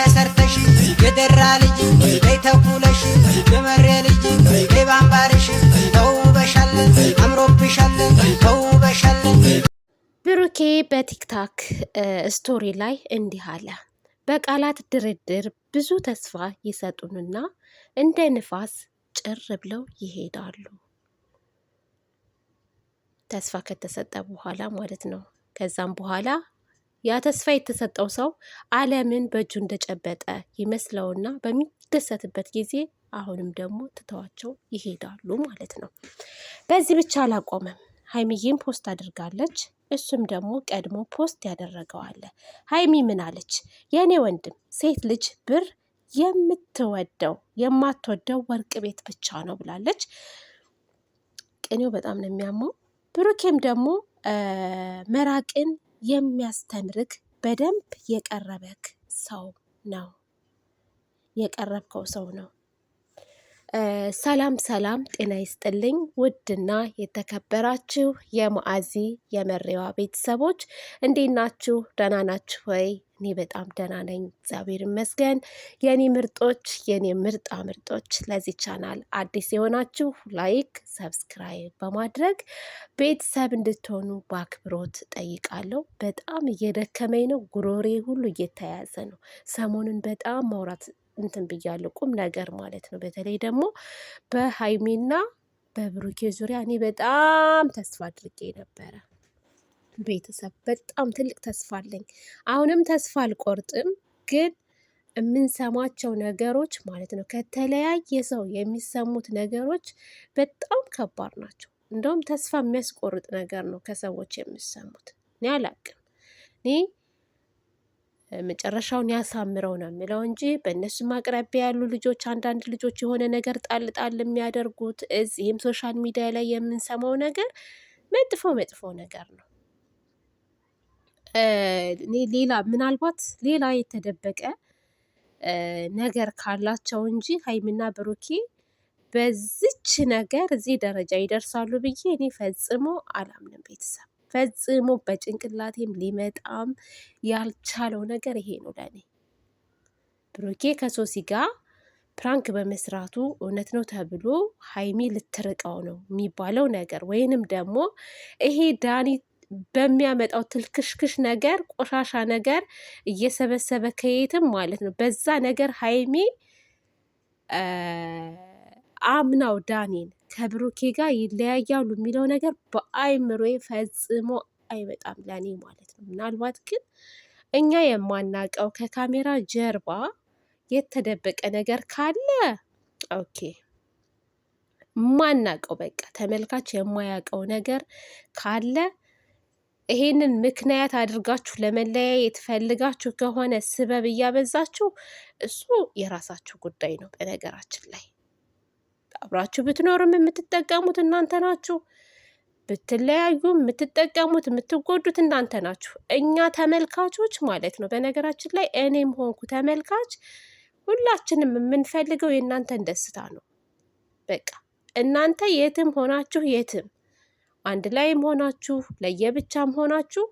ተሰርተሽ የደራ ልጅ በይ ተኩለሽ የመሬ ልጅ ባንባርሽ ባምባርሽ ተውበሻለን አምሮብሻለን ተውበሻለን። ብሩኬ በቲክታክ ስቶሪ ላይ እንዲህ አለ። በቃላት ድርድር ብዙ ተስፋ ይሰጡንና እንደ ንፋስ ጭር ብለው ይሄዳሉ። ተስፋ ከተሰጠ በኋላ ማለት ነው። ከዛም በኋላ ያ ተስፋ የተሰጠው ሰው ዓለምን በእጁ እንደጨበጠ ይመስለውና በሚደሰትበት ጊዜ አሁንም ደግሞ ትተዋቸው ይሄዳሉ ማለት ነው። በዚህ ብቻ አላቆመም። ሀይሚዬም ፖስት አድርጋለች። እሱም ደግሞ ቀድሞ ፖስት ያደረገዋለ። ሀይሚ ምን አለች? የእኔ ወንድም ሴት ልጅ ብር የምትወደው የማትወደው ወርቅ ቤት ብቻ ነው ብላለች። ቅኔው በጣም ነው የሚያማው። ብሩኬም ደግሞ መራቅን የሚያስተምርክ በደንብ የቀረበክ ሰው ነው የቀረብከው ሰው ነው። ሰላም ሰላም፣ ጤና ይስጥልኝ ውድና የተከበራችሁ የማዓዚ የመሬዋ ቤተሰቦች እንዴት ናችሁ? ደህና ናችሁ ወይ? እኔ በጣም ደህና ነኝ፣ እግዚአብሔር ይመስገን። የኔ ምርጦች፣ የኔ ምርጣ ምርጦች፣ ለዚህ ቻናል አዲስ የሆናችሁ ላይክ፣ ሰብስክራይብ በማድረግ ቤተሰብ እንድትሆኑ በአክብሮት ጠይቃለሁ። በጣም እየደከመኝ ነው፣ ጉሮሬ ሁሉ እየተያዘ ነው። ሰሞኑን በጣም ማውራት እንትን ብያለሁ፣ ቁም ነገር ማለት ነው። በተለይ ደግሞ በሀይሚና በብሩኬ ዙሪያ እኔ በጣም ተስፋ አድርጌ ነበረ ቤተሰብ በጣም ትልቅ ተስፋ አለኝ። አሁንም ተስፋ አልቆርጥም፣ ግን የምንሰማቸው ነገሮች ማለት ነው ከተለያየ ሰው የሚሰሙት ነገሮች በጣም ከባድ ናቸው። እንደውም ተስፋ የሚያስቆርጥ ነገር ነው ከሰዎች የሚሰሙት። እኔ አላቅም እኔ መጨረሻውን ያሳምረው ነው የሚለው እንጂ በእነሱም አቅራቢያ ያሉ ልጆች አንዳንድ ልጆች የሆነ ነገር ጣል ጣል የሚያደርጉት እዚህም ሶሻል ሚዲያ ላይ የምንሰማው ነገር መጥፎ መጥፎ ነገር ነው። ሌላ ምናልባት ሌላ የተደበቀ ነገር ካላቸው እንጂ ሀይሚና ብሩኬ በዚች ነገር እዚህ ደረጃ ይደርሳሉ ብዬ እኔ ፈጽሞ አላምንም። ቤተሰብ ፈጽሞ በጭንቅላቴም ሊመጣም ያልቻለው ነገር ይሄ ነው ለእኔ። ብሩኬ ከሶሲ ጋር ፕራንክ በመስራቱ እውነት ነው ተብሎ ሀይሚ ልትርቀው ነው የሚባለው ነገር ወይንም ደግሞ ይሄ ዳኒ በሚያመጣው ትልክሽክሽ ነገር ቆሻሻ ነገር እየሰበሰበ ከየትም ማለት ነው። በዛ ነገር ሀይሚ አምናው ዳኒን ከብሩኬ ጋር ይለያያሉ የሚለው ነገር በአይምሮ ፈጽሞ አይመጣም ለእኔ ማለት ነው። ምናልባት ግን እኛ የማናውቀው ከካሜራ ጀርባ የተደበቀ ነገር ካለ ኦኬ ማናቀው በቃ ተመልካች የማያውቀው ነገር ካለ ይሄንን ምክንያት አድርጋችሁ ለመለያየት ፈልጋችሁ ከሆነ ስበብ እያበዛችሁ እሱ የራሳችሁ ጉዳይ ነው። በነገራችን ላይ አብራችሁ ብትኖርም የምትጠቀሙት እናንተ ናችሁ። ብትለያዩ የምትጠቀሙት የምትጎዱት እናንተ ናችሁ። እኛ ተመልካቾች ማለት ነው። በነገራችን ላይ እኔም ሆንኩ ተመልካች ሁላችንም የምንፈልገው የእናንተን ደስታ ነው። በቃ እናንተ የትም ሆናችሁ የትም አንድ ላይም ሆናችሁ ለየብቻም ሆናችሁ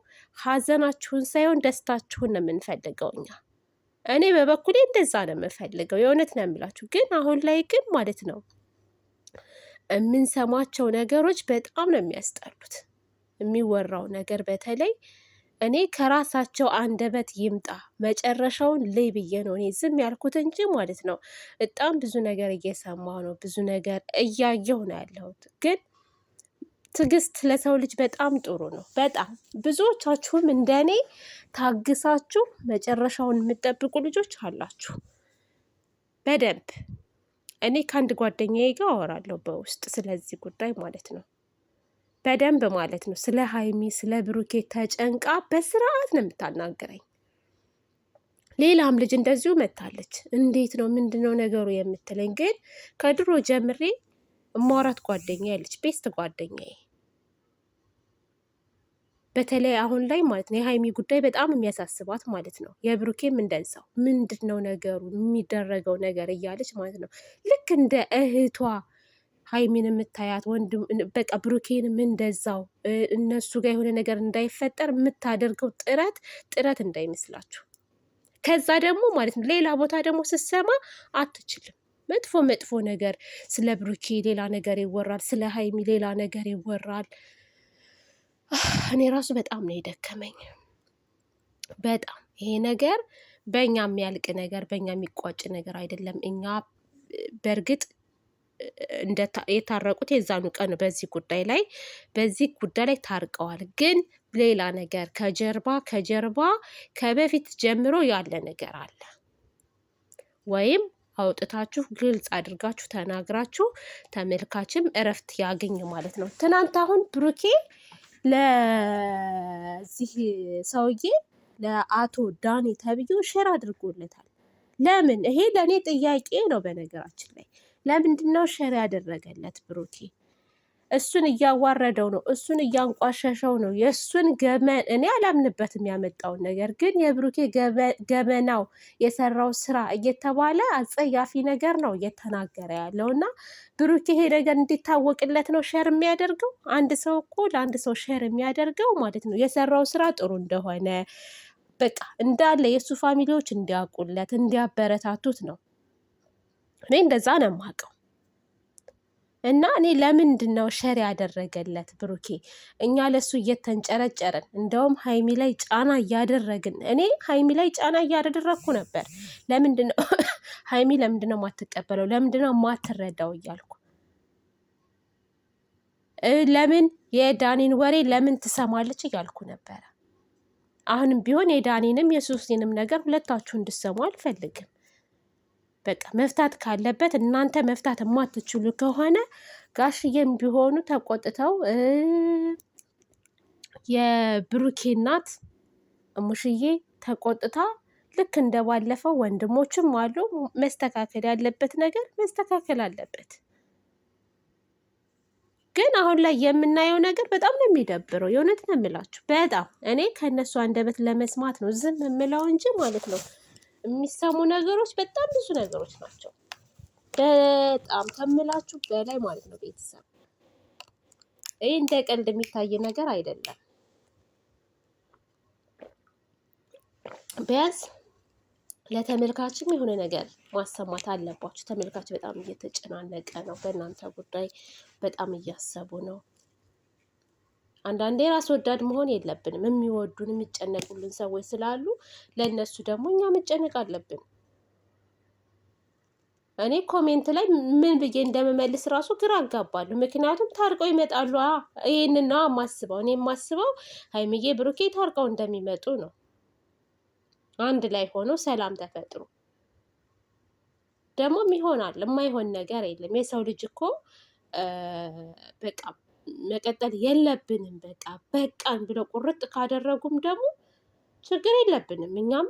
ሀዘናችሁን ሳይሆን ደስታችሁን ነው የምንፈልገው እኛ። እኔ በበኩሌ እንደዛ ነው የምፈልገው፣ የእውነት ነው የምላችሁ። ግን አሁን ላይ ግን ማለት ነው የምንሰማቸው ነገሮች በጣም ነው የሚያስጠሉት። የሚወራው ነገር በተለይ እኔ ከራሳቸው አንደበት ይምጣ መጨረሻውን ልይ ብዬ ነው እኔ ዝም ያልኩት እንጂ ማለት ነው። በጣም ብዙ ነገር እየሰማሁ ነው፣ ብዙ ነገር እያየሁ ነው ያለሁት ግን ትዕግስት ለሰው ልጅ በጣም ጥሩ ነው። በጣም ብዙዎቻችሁም እንደኔ ታግሳችሁ መጨረሻውን የምጠብቁ ልጆች አላችሁ። በደንብ እኔ ከአንድ ጓደኛዬ ጋር አወራለሁ በውስጥ ስለዚህ ጉዳይ ማለት ነው። በደንብ ማለት ነው። ስለ ሀይሚ ስለ ብሩኬ ተጨንቃ በስርዓት ነው የምታናግረኝ። ሌላም ልጅ እንደዚሁ መታለች። እንዴት ነው ምንድን ነው ነገሩ የምትለኝ ግን ከድሮ ጀምሬ እማወራት ጓደኛ ያለች ቤስት ጓደኛዬ በተለይ አሁን ላይ ማለት ነው የሀይሚ ጉዳይ በጣም የሚያሳስባት ማለት ነው። የብሩኬም እንደዛው ምንድን ነው ነገሩ የሚደረገው ነገር እያለች ማለት ነው ልክ እንደ እህቷ ሀይሚን የምታያት ወንድም በቃ ብሩኬንም እንደዛው እነሱ ጋር የሆነ ነገር እንዳይፈጠር የምታደርገው ጥረት ጥረት እንዳይመስላችሁ። ከዛ ደግሞ ማለት ነው ሌላ ቦታ ደግሞ ስትሰማ አትችልም። መጥፎ መጥፎ ነገር ስለ ብሩኬ ሌላ ነገር ይወራል፣ ስለ ሀይሚ ሌላ ነገር ይወራል። እኔ ራሱ በጣም ነው የደከመኝ። በጣም ይሄ ነገር በእኛ የሚያልቅ ነገር በእኛ የሚቋጭ ነገር አይደለም። እኛ በእርግጥ የታረቁት የዛኑ ቀን በዚህ ጉዳይ ላይ በዚህ ጉዳይ ላይ ታርቀዋል። ግን ሌላ ነገር ከጀርባ ከጀርባ ከበፊት ጀምሮ ያለ ነገር አለ ወይም አውጥታችሁ ግልጽ አድርጋችሁ ተናግራችሁ ተመልካችም እረፍት ያገኝ ማለት ነው። ትናንት አሁን ብሩኬ ለዚህ ሰውዬ ለአቶ ዳኔ ተብዬው ሼር አድርጎለታል። ለምን? ይሄ ለእኔ ጥያቄ ነው። በነገራችን ላይ ለምንድን ነው ሼር ያደረገለት ብሩኬ? እሱን እያዋረደው ነው፣ እሱን እያንቋሸሸው ነው። የእሱን ገመን እኔ አላምንበትም ያመጣውን ነገር ግን የብሩኬ ገመናው የሰራው ስራ እየተባለ አጸያፊ ነገር ነው እየተናገረ ያለው እና ብሩኬ ይሄ ነገር እንዲታወቅለት ነው ሼር የሚያደርገው። አንድ ሰው እኮ ለአንድ ሰው ሼር የሚያደርገው ማለት ነው የሰራው ስራ ጥሩ እንደሆነ በቃ እንዳለ የእሱ ፋሚሊዎች እንዲያውቁለት እንዲያበረታቱት ነው። እኔ እንደዛ ነው የማውቀው። እና እኔ ለምንድን ነው ሸር ያደረገለት ብሩኬ? እኛ ለሱ እየተንጨረጨርን እንደውም ሀይሚ ላይ ጫና እያደረግን እኔ ሀይሚ ላይ ጫና እያደረግኩ ነበር። ለምንድን ነው ሀይሚ ለምንድን ነው ማትቀበለው? ለምንድን ነው ማትረዳው እያልኩ ለምን የዳኒን ወሬ ለምን ትሰማለች እያልኩ ነበረ። አሁንም ቢሆን የዳኒንም የሶስቴንም ነገር ሁለታችሁ እንድሰሙ አልፈልግም። በቃ መፍታት ካለበት እናንተ መፍታት የማትችሉ ከሆነ ጋሽዬም ቢሆኑ ተቆጥተው የብሩኬ እናት ተቆጥታ ልክ እንደባለፈው ወንድሞችም አሉ። መስተካከል ያለበት ነገር መስተካከል አለበት። ግን አሁን ላይ የምናየው ነገር በጣም ነው የሚደብረው። የእውነት ነው የምላችሁ። በጣም እኔ ከእነሱ አንደበት ለመስማት ነው ዝም የምለው እንጂ ማለት ነው የሚሰሙ ነገሮች በጣም ብዙ ነገሮች ናቸው። በጣም ከምላችሁ በላይ ማለት ነው። ቤተሰብ ይህ እንደ ቀልድ የሚታይ ነገር አይደለም። ቢያንስ ለተመልካችም የሆነ ነገር ማሰማት አለባችሁ። ተመልካች በጣም እየተጨናነቀ ነው፣ በእናንተ ጉዳይ በጣም እያሰቡ ነው። አንዳንዴ ራስ ወዳድ መሆን የለብንም። የሚወዱን የሚጨነቁልን ሰዎች ስላሉ ለእነሱ ደግሞ እኛ መጨነቅ አለብን። እኔ ኮሜንት ላይ ምን ብዬ እንደምመልስ ራሱ ግራ አጋባለሁ። ምክንያቱም ታርቀው ይመጣሉ። ይህን ነው የማስበው። እኔ የማስበው ሀይምዬ ብሩኬ ታርቀው እንደሚመጡ ነው። አንድ ላይ ሆኖ ሰላም ተፈጥሮ ደግሞም ይሆናል። የማይሆን ነገር የለም። የሰው ልጅ እኮ በቃ መቀጠል የለብንም በቃ በቃን ብለው ቁርጥ ካደረጉም ደግሞ ችግር የለብንም። እኛም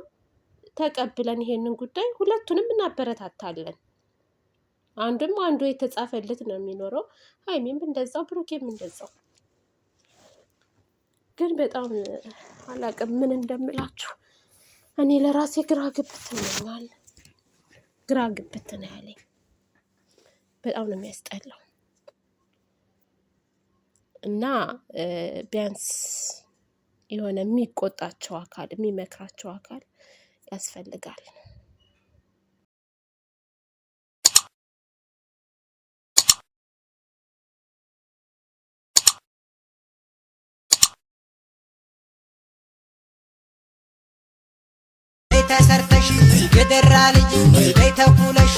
ተቀብለን ይሄንን ጉዳይ ሁለቱንም እናበረታታለን። አንዱም አንዱ የተጻፈለት ነው የሚኖረው። ሀይሚም እንደዛው፣ ብሩኬም እንደዛው። ግን በጣም አላቅም ምን እንደምላችሁ። እኔ ለራሴ ግራ ግብት ነዋል፣ ግራ ግብት ነው ያለኝ። በጣም ነው የሚያስጠላው። እና ቢያንስ የሆነ የሚቆጣቸው አካል የሚመክራቸው አካል ያስፈልጋል። ተሰርተሽ የደራ ልጅ ተኩለሽ